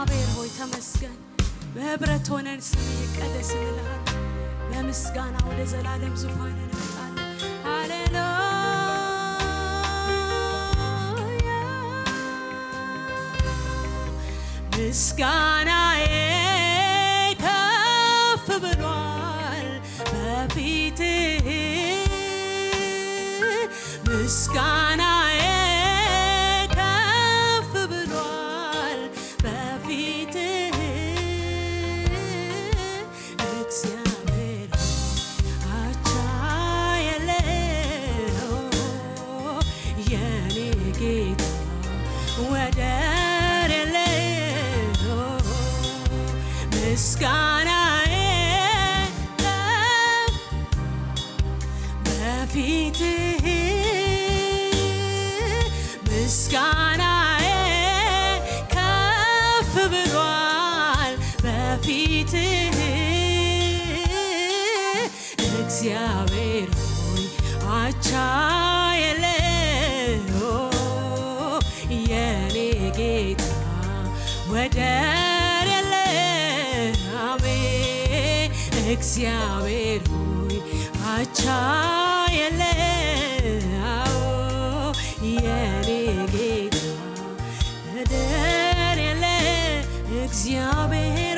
እግዚአብሔር ሆይ ተመስገን። በህብረት ሆነን ስም ይቀደስ እንልሃለን። በምስጋና ወደ ዘላለም ዙፋን እንመጣለን። ሃሌሉያ ምስጋናዬ ከፍ ብሏል በፊትህ ምስጋና ፊት እግዚአብሔር ሆይ አቻ የለው የኔ ጌታ ወደር የለው እግዚአብሔር ሆይ አቻ የለው የኔ ጌታ እግዚአብሔር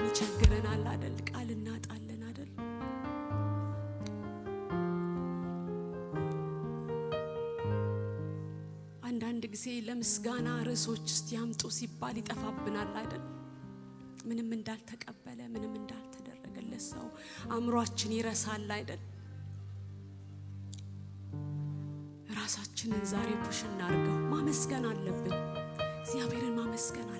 ቃላትን ይቸግረናል አደል? ቃል እናጣለን አደል? አንዳንድ ጊዜ ለምስጋና ርዕሶች እስቲ ያምጡ ሲባል ይጠፋብናል አደል? ምንም እንዳልተቀበለ ምንም እንዳልተደረገለት ሰው አእምሯችን ይረሳል አይደል? ራሳችንን ዛሬ ፑሽ እናርገው። ማመስገን አለብን። እግዚአብሔርን ማመስገን አለብን።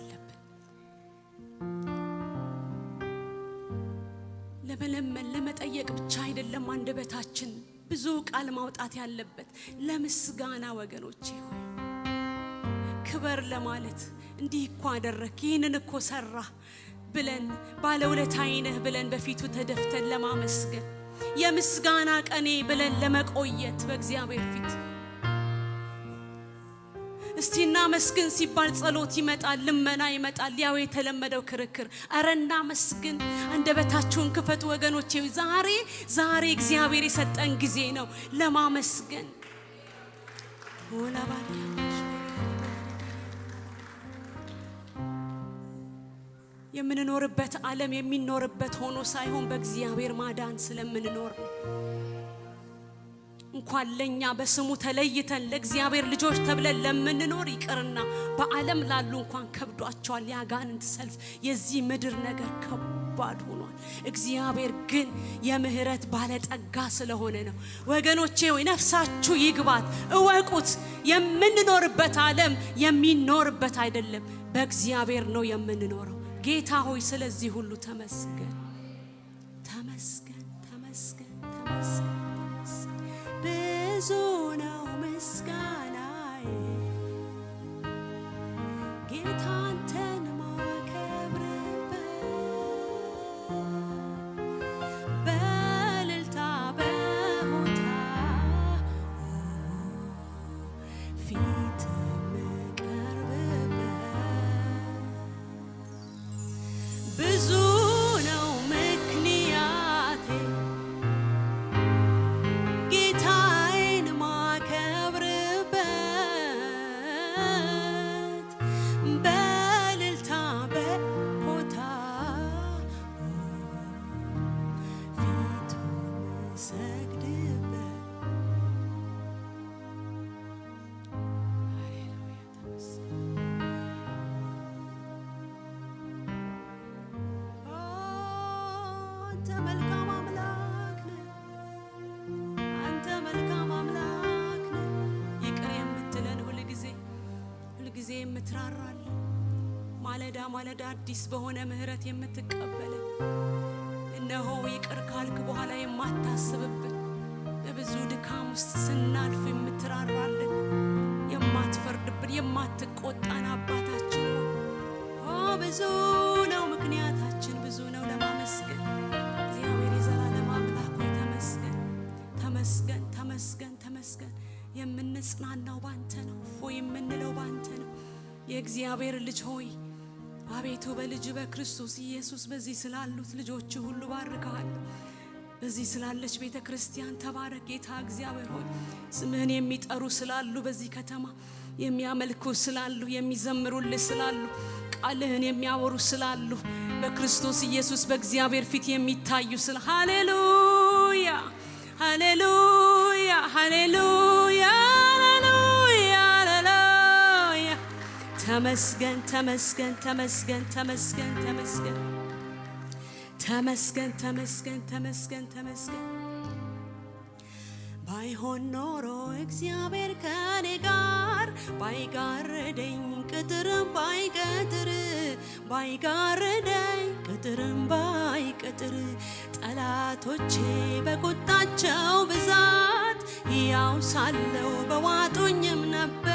ለመለመን ለመጠየቅ ብቻ አይደለም አንደበታችን ብዙ ቃል ማውጣት ያለበት ለምስጋና ወገኖች ሆይ ክበር ለማለት እንዲህ እኮ አደረክ ይህንን እኮ ሰራ ብለን ባለውለታ አይነህ ብለን በፊቱ ተደፍተን ለማመስገን የምስጋና ቀኔ ብለን ለመቆየት በእግዚአብሔር ፊት እስቲ እናመስግን ሲባል ጸሎት ይመጣል፣ ልመና ይመጣል፣ ያው የተለመደው ክርክር። እረ እናመስግን። አንደበታችሁን ክፈቱ ወገኖቼ። ዛሬ ዛሬ እግዚአብሔር የሰጠን ጊዜ ነው ለማመስገን። የምንኖርበት ዓለም የሚኖርበት ሆኖ ሳይሆን በእግዚአብሔር ማዳን ስለምንኖር ነው። እንኳን ለኛ በስሙ ተለይተን ለእግዚአብሔር ልጆች ተብለን ለምንኖር ይቅርና በዓለም ላሉ እንኳን ከብዷቸዋል። ያጋንንት ሰልፍ የዚህ ምድር ነገር ከባድ ሆኗል። እግዚአብሔር ግን የምህረት ባለጠጋ ስለሆነ ነው። ወገኖቼ ወይ ነፍሳችሁ ይግባት፣ እወቁት። የምንኖርበት ዓለም የሚኖርበት አይደለም፣ በእግዚአብሔር ነው የምንኖረው። ጌታ ሆይ ስለዚህ ሁሉ ተመስገን፣ ተመስገን፣ ተመስገን፣ ተመስገን። besoin. የምትራራል፣ ማለዳ ማለዳ አዲስ በሆነ ምህረት የምትቀበል እነሆ ይቅር ካልክ በኋላ የማታስብብን በብዙ ድካም ውስጥ ስናልፍ የምትራራልን የማትፈርድብን የማትቆጣን አባታችን ነው። ብዙ ነው ምክንያታችን፣ ብዙ ነው ለማመስገን። እግዚአብሔር የዘላለም አምላክ ተመስገን፣ ተመስገን፣ ተመስገን፣ ተመስገን። የምንጽናናው ባንተ ነው፣ ፎ የምንለው ባንተ ነው። የእግዚአብሔር ልጅ ሆይ አቤቱ በልጅ በክርስቶስ ኢየሱስ በዚህ ስላሉት ልጆች ሁሉ ባርካለሁ። በዚህ ስላለች ቤተ ክርስቲያን ተባረክ ጌታ እግዚአብሔር ሆይ። ስምህን የሚጠሩ ስላሉ በዚህ ከተማ የሚያመልኩ ስላሉ የሚዘምሩልህ ስላሉ ቃልህን የሚያወሩ ስላሉ በክርስቶስ ኢየሱስ በእግዚአብሔር ፊት የሚታዩ ስለ ሃሌሉያ ሃሌሉያ ሃሌሉያ ተመስገን ተመስገን ተመስገን ተመስገን ተመስገን ተመስገን ተመስገን ተመስገን ተመስገን ባይሆን ኖሮ እግዚአብሔር ከኔ ጋር ባይጋርደኝ ቅጥርም ባይቀጥር ባይጋርደኝ ቅጥርም ባይቀጥር ጠላቶቼ በቁጣቸው ብዛት ያው ሳለው በዋጡኝም ነበር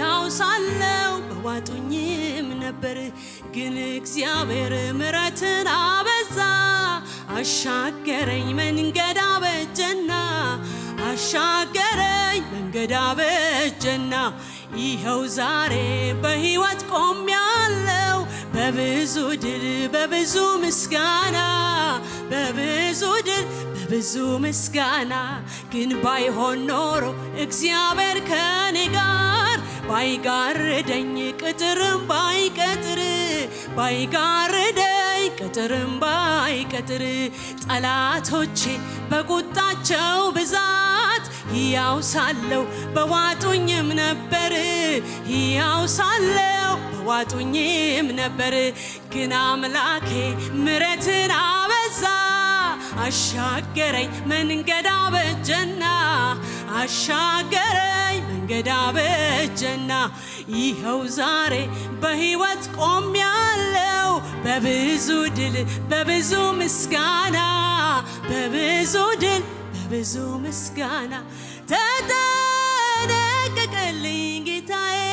ያው ሳለው በዋጡኝም ነበር ግን እግዚአብሔር ምረትን አበዛ አሻገረኝ መንገድ አበጀና አሻገረኝ መንገድ አበጀና ይኸው ዛሬ በሕይወት ቆሜ በብዙ ድል በብዙ ምስጋና በብዙ ድል በብዙ ምስጋና ግን ባይሆን ኖሮ እግዚአብሔር ከኔ ጋር ባይጋርደኝ ቅጥርም ባይቀጥር ባይጋርደኝ ቅጥርም ባይቀጥር ጠላቶቼ በቁጣቸው ብዛት ሕያው ሳለው በዋጡኝም ነበር ሕያው ሳለው ዋጡኝም ነበር፣ ግን አምላኬ ምረትን አበዛ። አሻገረኝ መንገድ አበጀና አሻገረኝ መንገድ አበጀና ይኸው ዛሬ በሕይወት ቆም ያለው በብዙ ድል በብዙ ምስጋና በብዙ ድል በብዙ ምስጋና ተጠነቀቀልኝ ጌታዬ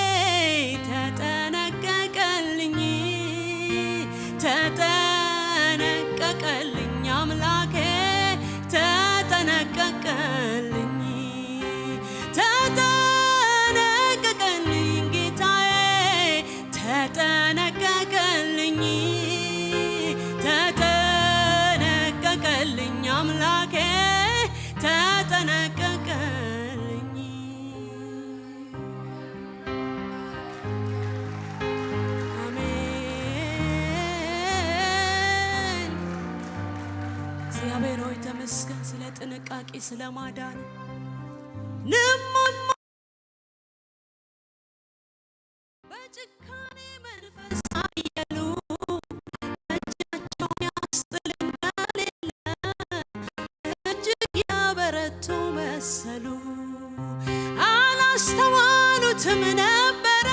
ስለማዳን ልማን በጭካኔ መንፈስ አየሉ እጃቸውን ያስጥል እንደሌለ እጅግ ያበረቱ መሰሉ። አላስተዋሉትም ነበረ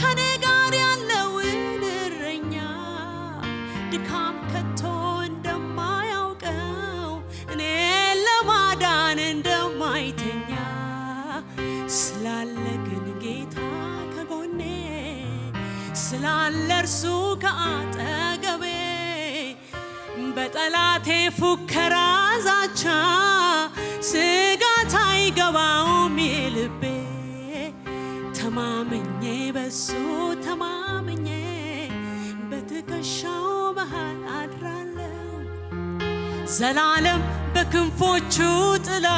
ከኔ ጋር ያለውን እረኛ ድካም ይሆናል እርሱ ከአጠገቤ በጠላቴ ፉከራ ዛቻ ስጋት አይገባውም ልቤ ተማምኜ በሱ ተማምኜ በትከሻው መሃል አድራለሁ ዘላለም በክንፎቹ ጥላ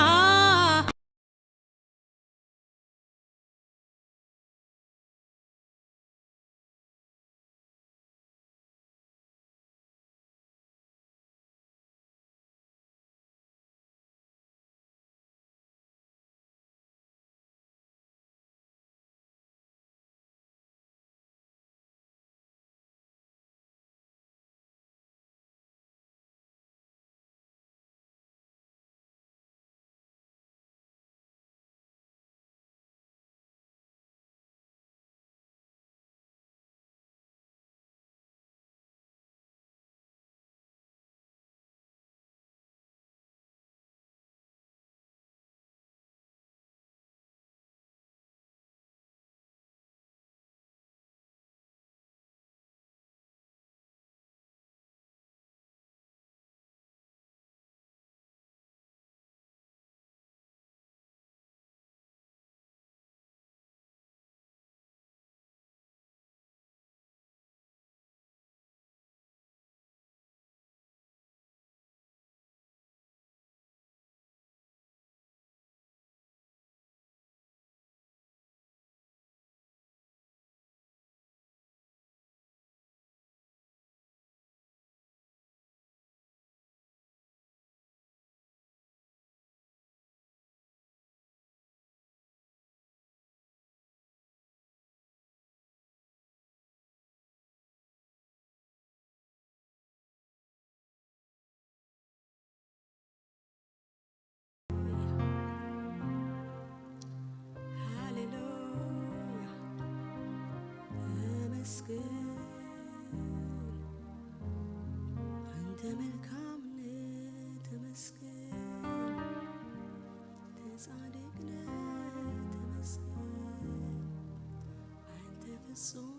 ተመስገን አንተ መልካም ነህ ተመስገን ተጻድቅ ነህ ተመስገን አንተ ፍጹም